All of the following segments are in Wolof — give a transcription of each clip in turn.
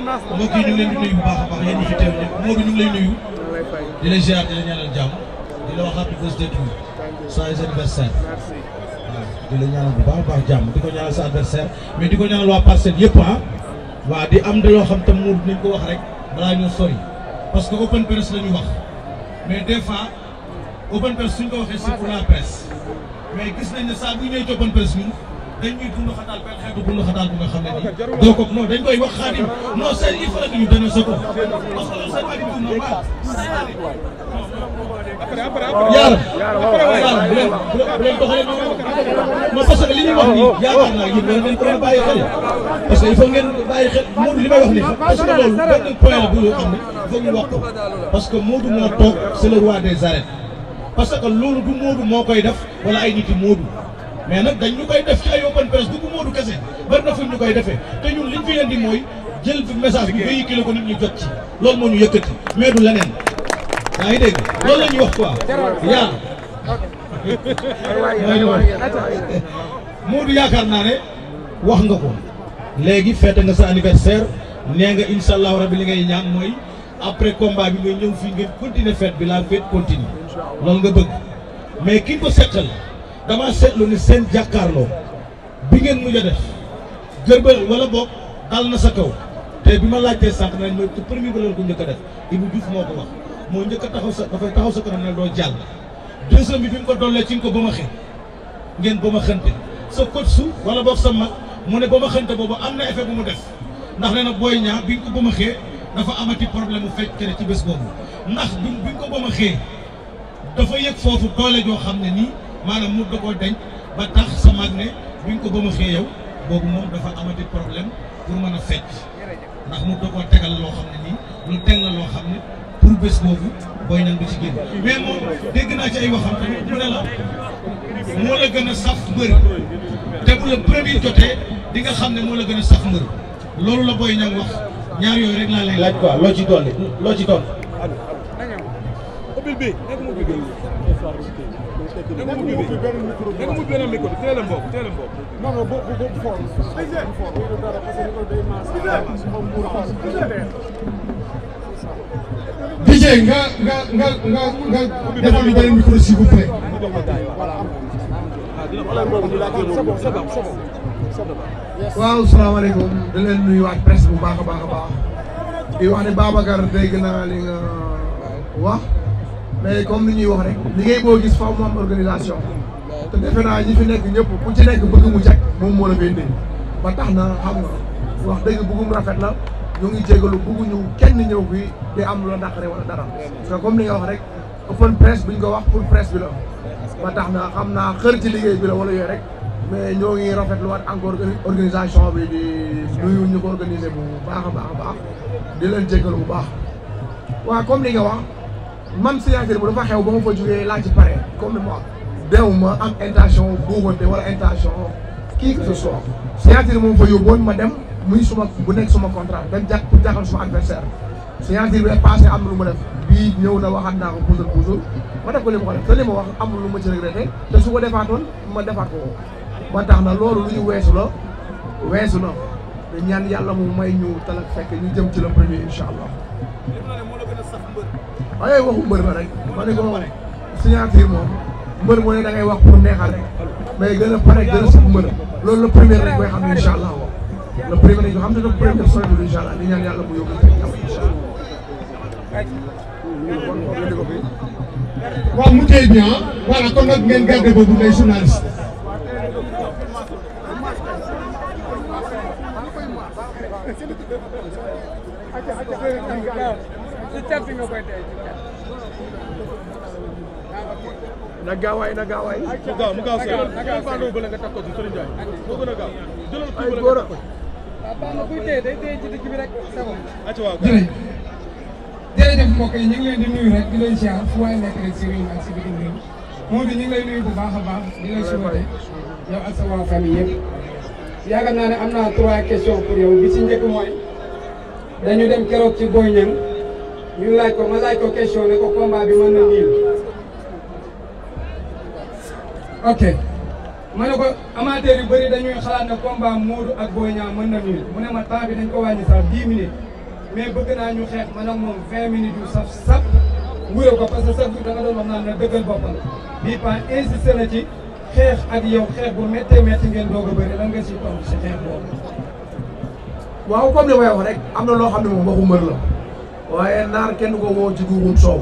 mbokk yi ñu ngi leen di nuyu bu baax a baax yéen ñi fi teew ñëpp moo bi ñu ngi lay nuyu di la ziar di la ñaanal jàmm di la wax happy birthday to you joyeux anniversaire di la ñaanal bu baax baax jàmm di ko ñaanal sa adversaire mais di ko ñaanal waa Parcelles yëpp ah waaw di am da loo xam tam muur nañ ko wax rek balaa ñoo sori parce que open press la wax mais des fois open press suñ ko waxee c'est pour la presse mais gis nañ ne saa bu ñëwee ci open press bi dañ ñuy dund xataal benn xeetu dund xataal bu nga xam ne nii doo ko non dañ koy wax xaadim non c'est il faut que ñu dénoncer ko parce que loolu c'est pas du tout normal yaar yaar bu leen bu leen doxalee non parce que li ñuy wax nii yaakaar naa yéen war ngeen ko bàyyi xel parce que il faut ngeen bàyyi xel Modou li may wax nii parce que loolu benn point la wax ko parce que Modou moo toog c'est le roi des arènes parce que loolu du Modou moo koy def wala ay nit yi Modou mais nag dañ ñu koy def ci ay open press du ko Modou kese bari na fu ñu koy defee te ñun liñ fi indi mooy jël message bi véhiculé ko nit ñi jot ci moo ñu yëkkati mais du leneen yaa ngi dégg loolu la ñuy wax quoi yàlla mooy Modou yaakaar naa ne wax nga ko. léegi fête nga sa anniversaire nee nga incha allahu bi li ngay ñaan mooy après combat bi nga ñëw fii ngeen continuer fête bi la fête continue loolu nga bëgg mais ki ko seqal dama seetlu ni seen jàkkaarloo bi ngeen mujj a def gërbël wala boog dal na sa kaw te bi ma laajtee sànq nañ mooy te premier ba ko njëkk a def Ibou Diouf moo ko wax moo njëkk a taxaw sa dafay taxaw sa kanam ne doo jàll deuxième bi fi mu ko dollee ci nga ko ba ma xëy ngeen ba ma xënte sa coach su wala boog mu ne ba ma xënte boobu am na effet bu mu def ndax ne na booy ñaa biñ ko ba ma xee dafa amati problème mu fecc kere ci bés boobu ndax biñ biñ ko ba ma xee dafa yëg foofu doole joo xam ne nii maanaam mu da koo denc ba tax sa mag ne ko ba ma xee yow boobu moom dafa amati problème pour mën a fecc ndax mu da koo tegal loo xam ne nii lu teg la loo xam ne pour bés boobu booy ñaa nga ci génn mais moom dégg naa ci ay waxam tamit mu ne la. moo la gën a saf mbër te bu la premier di nga xam ne moo la gën a loolu la Boy Niang wax ñaar yooyu rek laa lay laaj quoi loo ci dolli loo ci dolli. DJ nga nga nga nga nga defal lu bëri micro s'il vous plaît. waaw salaamaaleykum di leen nuyuwaat presse bu baax a baax a baax di wax ne Babacar dégg naa li nga wax mais comme ni ñuy wax rek li ngay boo gis faaw mu am organisation te defe naa ñi fi nekk ñëpp ku ci nekk bëgg mu jag moom moo la fay indi ba tax na xam nga wax dëgg bëggum rafet la ñu ngi jégalu bëgguñu kenn ñëw fii di am lu la naqare wala dara parce comme li nga wax rek. open bu ñu ko wax pour presse bi la ba tax na xam naa xër ci liggéey bi la wala yooyu rek mais ñoo ngi rafetlu waat encore organisation bi di nuyu ñu ko organisé bu baax a baax a baax di leen jégalu bu baax waaw comme li nga wax man signature bu dafa xew ba ma fa jógee laa ci pare comme ni ma dew ma am intention buuxante wala intention kii que ce soit signature moom fa yóbboon ma dem muy suma bu nekk suma contrat dañ jàpp pour jàkkal suma adversaire signature bi passé am lu ma def bii ñëw na waxaat naa ko puusal puusal ma def ko li ko def te li lu ma ci regretté te su ko defaatoon ma defaat ko ba tax na loolu lu ñu weesu la weesu na da ñaan yàlla moom may ñu talak fekk ñu jëm ci la premier incha allah. waaye waxu mbër rek ma ne ko signature moom mbër moo ne da ngay wax pour neexal rek mais a a saf mbër loolu le premier rek koy xam ne incha allah le premier rek xam ne le premier soxna bi incha allah di ñaan yàlla mu yóbbu fekk jàmm allah. waaw mu tey bien voilà kon nag ngeen garder boobu ngay journaliste. na gaawaay na gaawaay. mu gaaw mu gaaw sëñ bi na gaaw sëñ bi nga takk ko ci Serigne Ndiaye moo gën a gaaw jëlal kii ba la takk ko. waaw baax na buy téye day téye ci digg bi rek c'est bon. mbokk yi ñu ngi leen di nuyu rek di leen ziar fu waay nekk rek si réew mi ak si bitim réew moo di ñu ngi lay nuyu bu baax a baax di lay souhaité yow ak sa waa famille yëpp yaakaar naa ne am naa trois questions pour yow bi si njëkk mooy dañu dem keroog ci Boy Niang ñu laaj ko ma laaj ko question ne ko combat bi mën na nii ok ma ne ko amateur yu bëri dañuy xalaat ne combat Modou ak Boy Niang mën na nii mu ne ma temps bi dañ ko wàññi sax dix minutes mais bëgg naa ñu xeex man ak moom 20 minutes yu saf saf wuyoo ko parce que chaque jour da nga doon wax naan na dëggal boppam bii pan insisté na ci xeex ak yow xeex bu méttee métti ngeen doog a bëri lan nga siy tontu si xeex boobu. waaw comme li may wax rek am na loo xam ne moom waxu mbër la waaye naar kenn ko woo ci guurum soow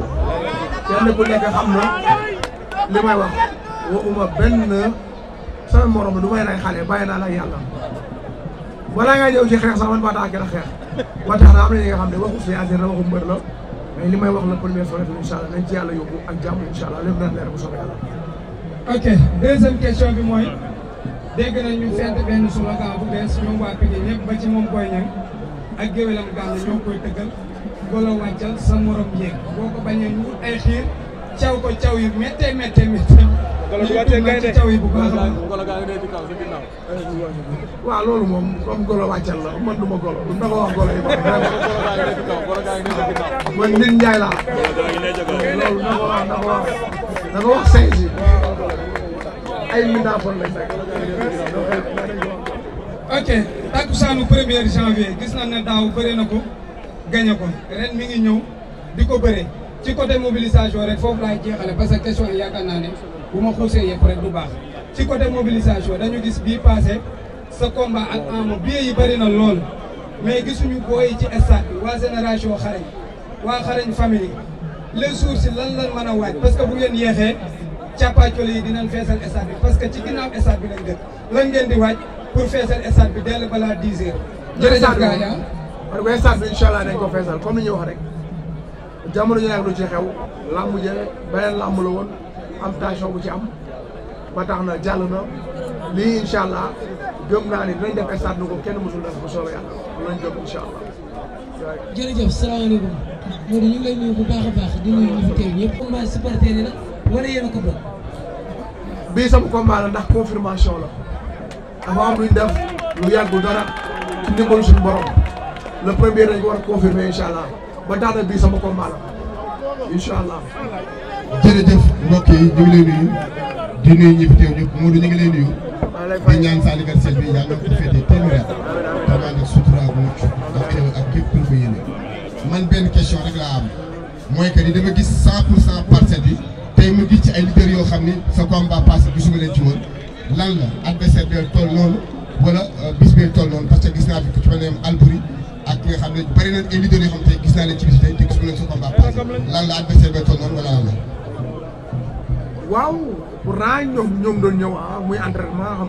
kenn ku nekk xam na li may wax waxuma benn sama morom du may rey xale bàyyi naa la yàlla. balaa ngaa ñëw ci xeex sax man maa daa gën a xeex ba tax am na ñi nga xam ne waxu si affaire la waxu mbër la mais li may wax la première fois rek incha allah nañ ci yàlla yóbbu ak jàmm incha allah lépp bu soobee yàlla. ok deuxième question bi mooy dégg nañ ñu fent benn bu bees ñoom waa Pikine ñëpp ba ci moom Boy Niang ak géwélam gàll ñoo koy tëggal golo wàccal sa morom yéeg boo ko bañee ñu ay xiir caw ko caw yu méttee méttee méttee. waaw loolu moom comme golo wàccal la man du ma golo du ma ko wax golo yi ma vraiment man nit njaay laa loolu na ko wax na ko wax na ko wax say si ay mindaafoon lañ rek ok takkusaanu premier janvier gis nañ ne daaw bëri na ko gañe ko ren mi ngi ñëw di ko bëre ci côté mobilisation rek foofu laay jeexale parce que question yi yaakaar naa ne bu ma xuusee yëpp rek du baax ci côté mobilisation dañu gis bii passé sa combat ak Ama billets yi bëri na lool mais gisuñu booy ci stade bi waa génération xarañ waa xarañ famille les jours si lan lan mën a waaj parce que bu ngeen yéexee càppaacoli yi dinañ feesal stade bi parce que ci ginnaaw stade bi lañ dëkk lan ngeen di waaj pour feesal stade bi dell balaa 10 heures. jërëjëf gars yi ah? parce que stade bi comme ni ñu wax rek jamono ji nag lu ci xew làmb je beneen làmb la woon. am tension bu ci am ba tax na jàll na lii incha allah gëm naa ne dinañ def stade Louga kenn mësul def bu soobee yàlla loolu lañ gëm incha allah. jërëjëf salaamaaleykum Modou ñu ngi a baax di nuyu ñu fi teew ñëpp. combat supporter yi la wala yéen a ko bokk. bii sama ndax confirmation la dafa am luñ def lu yàggu dara ci ndimbalu suñu borom le premier dañ ko war a confirmer incha allah ba tax na bii sama combat la incha allah. jërëjëf. mbokk yi ñu ngi lay nuyu di nuyu ñi fi teew ñëpp Modou ñu ngi lay nuyu di ñaan sa anniversaire bi yàlla ko féetee téeméer damaa ne sutura ak mucc ak xew ak képp ku yéene man benn question rek laa am mooy que ni dama gis 100 pour cent parcelle bi tey mu gis ci ay leaders yoo xam ni sa combat passé gisuma leen ci woon lan la adversaire bi toll noonu wala euh, bis bi toll noonu parce que gis naa fi ku ci mel ne Albouri ak ki nga xam ne bëri na ay leaders yoo xam te gis naa leen ci bis tey te gisuma leen sa combat passé lan la adversaire bi toll noonu wala lan la. waaw pourtant ñoom ñoom doon ñëw ah muy entraînement xam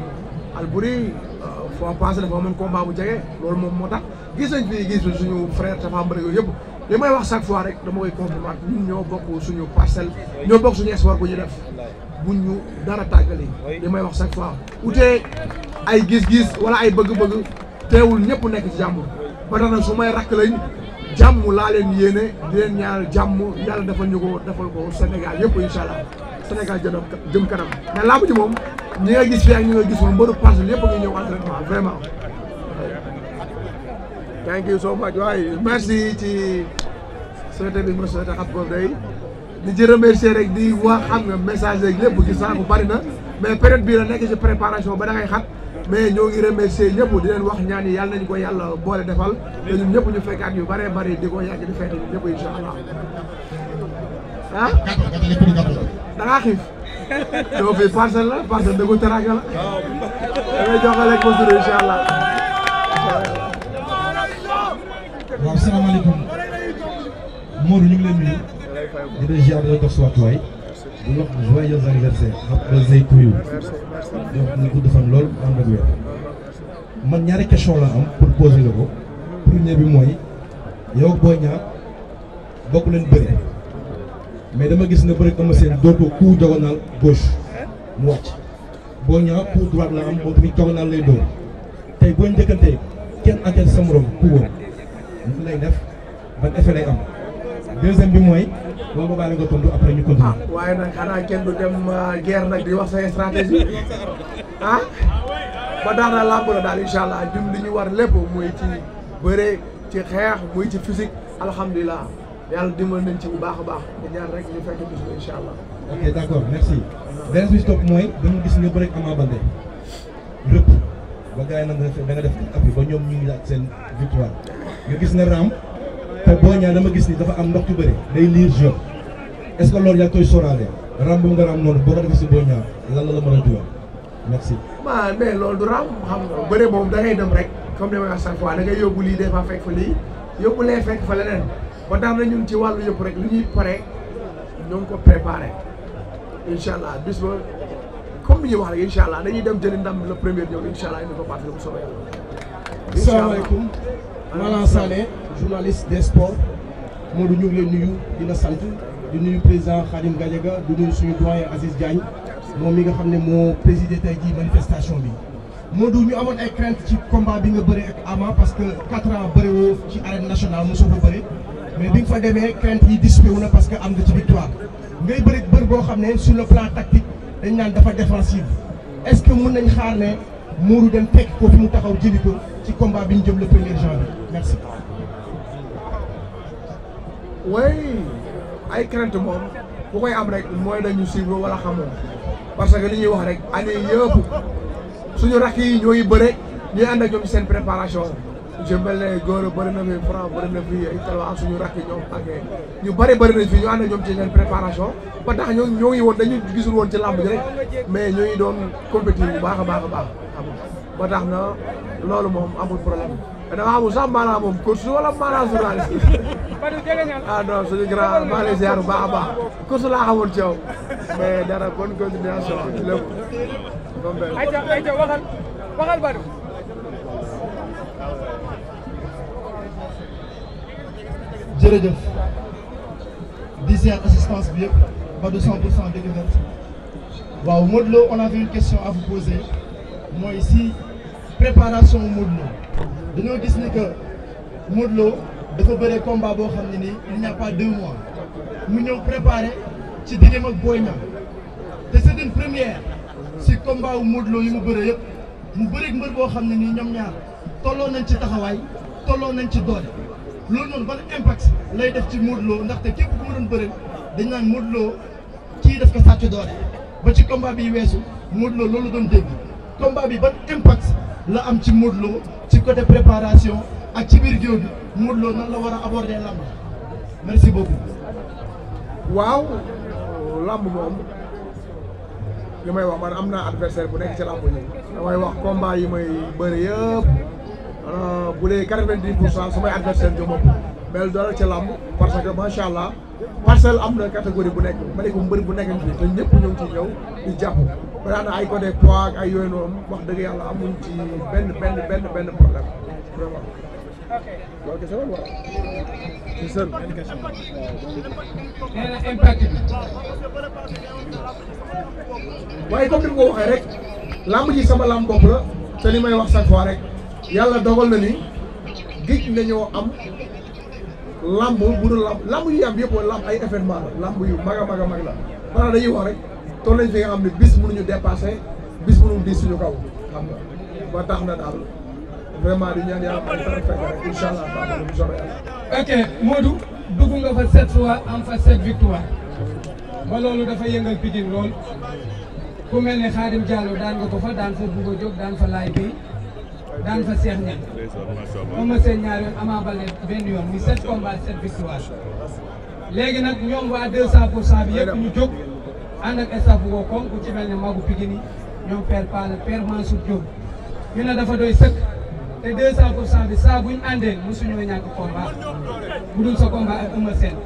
Alboury euh, foo passé dafa mën combat bu jege loolu moom moo tax gis nañ fii gis suñu frère dafa mbëri yooyu yëpp li may wax chaque fois rek dama koy compliment ñun ñoo bokk suñu parcelle ñoo bokk suñu espoir bu ñu def bu ñu dara tàggale li may wax chaque fois ute ay gis-gis wala ay bëgg-bëgg teewul ñëpp nekk ci jàmm ba tax na su may rakk lañ jàmm laa leen yéene di leen ñaanal jàmm yàlla defal ñu ko defal ko Sénégal yëpp incha allah Sénégal jëm jëm kanam mais làmb ji moom ñi nga gis fii ak ñi nga gis moom mbëru Parcelles yëpp a ngi ñëw entraînement vraiment. thank you so much waaye merci ci souhaité bi ma souhaité xam ko day di ci remercier rek di wax xam nga message yeeg lépp gis naa bari na mais période bii la nekk préparation ba da ngay xat mais ñoo ngi remercier ñëpp di wax ñaan yi yàlla nañu ko yàlla boole defal ñëpp ñu fekkaat yu bëree bëri di ko yàgg di feete ñun ñëpp incha allah ah. da ngaa xiif doo fi parcelle la parcelle dëggu teranga la da ngay jox lekk ba suur incha allah. waaw salaamaaleykum Modou ñu ngi leen nuyu di leen ziar di leen dox si waatuwaay di wax joyeux anniversaire ab Zeytouyou di wax ñu gudd fan lool ànd ak man ñaari question la am pour poser la ko premier bi mooy yow ak Boy bokk leen bëri. mais dama gis ne bëri Eumeu Sène dóor ko coup diagonal gauche mu wàcc boo ñëwaat coup droite la am moom tamit lay dóor tey boo njëkkantee kenn enquête sa morom coup boobu def ban effet lay bi mooy boo ko bàyyi ñu continuer. Ah, waaye nag xanaa kenn du dem euh, guerre nag di wax sa stratégie ah ba daanaka làmb la daal incha allah ñun li ñu war lépp muy ci bëre ci xeex muy ci physique alhamdulilah. yàlla dimbal nañ ci bu baax a baax di ñaan rek ñu fekk bis ko incha allah. ok d' merci. beneen bi si topp mooy dama gis nga bëri Ama Baldé rëpp ba gars yi nag da def appui ba ñoom ñu ngi laaj seen victoire nga gis nga raam te boo ñaan dama gis ni dafa am ndox yu bëri day liir jeu est ce que loolu yaa ngi koy sóoraale raam bu nga raam noonu boo ko defee si boo ñaan lan la la mën a dugal merci. waaw mais loolu du raam xam nga bëre boobu da ngay dem rek comme ni ma la wax fois da ngay yóbbu lii des fois fekk fa lii yóbbu lee fekk fa leneen. ba tax na ñun ci wàllu yëpp rek li ñuy pare ñoo ko préparé incha allah bis ba wax rek incha allah dañuy dem jëli ndam le premier ñëw incha allah indi ko parti bu soobee yàlla. incha allah asalaamaaleykum. Malang Sané journaliste des sports Modou ñu ngi leen nuyu di la sant di nuyu président Khadim Gadiaga di nuyu suñu doyen Aziz Diagne moom mi nga xam ne moo présidé tey jii manifestation bi. moo Modou ñu amoon ay crainte ci combat bi nga bëre ak Ama parce que 4 ans bëre woo ci arène nationale mosoo ko bëre. mais bi nga fa demee crainte yi dissipé wu na parce que am na ci victoire ngay bëri bër boo xam ne sur le plan tactique dañ naan dafa défensive est-ce que mun nañ xaar ne muuru dem fekk ko fi mu taxaw jëli ko ci combat bi ñu jëm le premier janvier merci. way ay crante moom ku koy am rek mooy dañu suivre wala xamoo parce que li ñuy wax rek année yëpp suñu rakk yi ñooy bëre ñuy ànd ak ñoom seen préparation. je mel ne góor bëri na fi franc bëri na fi ay talwaan suñu rakk ñoom ak ñu bëri bëri na fi ñu ànd ñoom ci préparation ba tax ñoo ñoo ngi dañu gisul woon ci làmb ji mais ñoo doon compétir baax a baax a baax ba tax na loolu moom amul problème dama amul sax maanaam moom course wala maanaam journaliste ah non suñu grand maa lay ziar baax a baax course laa xamoon ci mais dara bonne continuation ci lépp. ayca ayca waxal waxal jërëjëf di assistance bi yëpp ba du 100 pour cent découverte waaw Modou Lo on avait question à vous mooy si préparation Modou Lo dañoo gis ni que Modou Lo dafa bëree combat boo xam ne nii il n'y a pas deux mois mu ñëw préparé ci diggam ak Boy Niang te c'est une première si combat wu Modou yi mu bëree yëpp mu bëreeg boo xam ne nii ñoom ñaar tolloo nañ ci taxawaay tolloo nañ ci doole. loolu noonu ban impact lay def ci Modou Lo ndaxte képp ku ma doon bëri dañ naan Modou Lo kii def ko sàcc doole ba ci combat bi weesu Modou Lo loolu doon dégg combat bi ban impact la am ci Modou ci côté préparation ak ci biir géew bi Modou Lo nan la war a aborder lamb merci beaucoup. waaw lamb moom li may wax man am naa adversaire bu nekk ci lamb ñi damay wax combat yi may bëri yëpp. Euh, bu dee quatre-vingt-dix pour cent samay adversaire ñoo moom mel dara ci làmb parce que macha allah parcelle am na catégorie bu nekk ma ne ko mbër bu nekk fii te ñëpp ñu ngi ciy ñëw di jàpp ba daan ay côté poids ak ay yooyu noonu wax dëgg yàlla amuñ ci benn benn benn benn problème vraiment. ok loolu kese wala. c'est ça. nee na impact bi. waaye comme ni ma ko waxee rek. làmb ji sama làmb bopp la te li may wax chaque fois rek. yàlla dogal na ni géej nañoo am lamb bu dul lamb lamb yu am yëpp wala lamb ay événement la lamb yu mag a mag a mag la maanaam dañuy wax rek toll nañ fi nga xam ne bis mënuñu dépassé bis mënuñu di suñu kaw xam nga ba tax na daal vraiment di ñaan yàlla am ay fekk rek incha allah baax na sore yàlla. ok Modou dugg nga fa sept fois am fa sept victoire ba loolu dafa yëngal Pikine lool ku mel ne Khadim Diallo daan nga ko fa daan fa Bouga Diop daan fa Laye daan fa Cheikh Niang moom la seen ñaar yoon Ama Baldé benn yoon muy sept combats sept victoires léegi nag ñoom waa deux saako pour cent mu yëpp ñu jóg ànd ak staff ku ci mel ne Magu Pikini ñoom père Palla père Mansour Diop ñu na dafa doy sëkk te deux cent pour cent bi saa buñ àndee mosuñoo ñàkk combat bu dul sa combat ak Eumeu Sène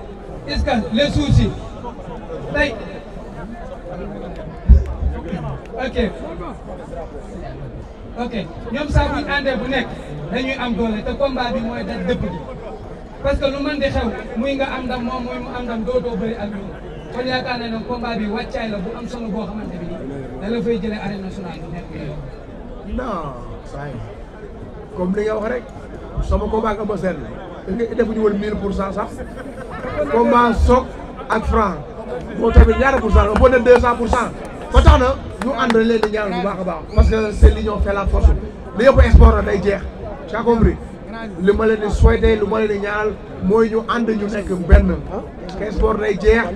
est-ce que les soucis tey ok ok ñoom saa bu ñu àndee bu nekk dañuy am doole te combat bi mooy daj dëpp gi parce que lu mën di xew muy nga am ndam moom muy mu am ndam dootoo bëri ak ñoom kon yaakaar na ne combat bi wàccaay la bu am solo boo xamante bi da la fay jëlee arène nationale bu nekk non saa yi comme li nga wax rek sama combat ak Amacem la defuñu woon 1000 pour cent sax combat Sokh ak Franc moo tamit ñaata pour cent la boo nee pour cent ñu ànd leen di bu baax a baax parce que c'est l'union fait la force li yëpp sport la day jeex tu li ma leen di souhaité lu ma leen di ñaanal mooy ñu ànd ñu nekk benn que sport day jeex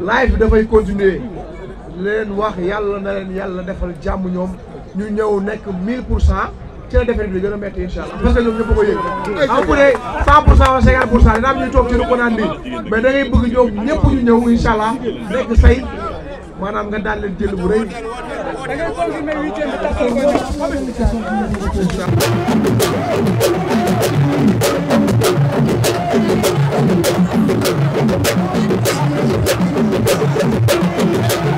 live dafay continuer leen wax yàlla na leen yàlla defal jàmm ñoom ñu ñëw nekk 1000 pour cent ci la defar bi gën a métti incha parce que ñëpp ko yëg. am ku ne pour cent pour cent dina am ñuy toog ci lu ko naan nii mais da ngay ñëpp ñu ñëw incha allah say. maanaam nga daan leen jël bu rëy. Thank you.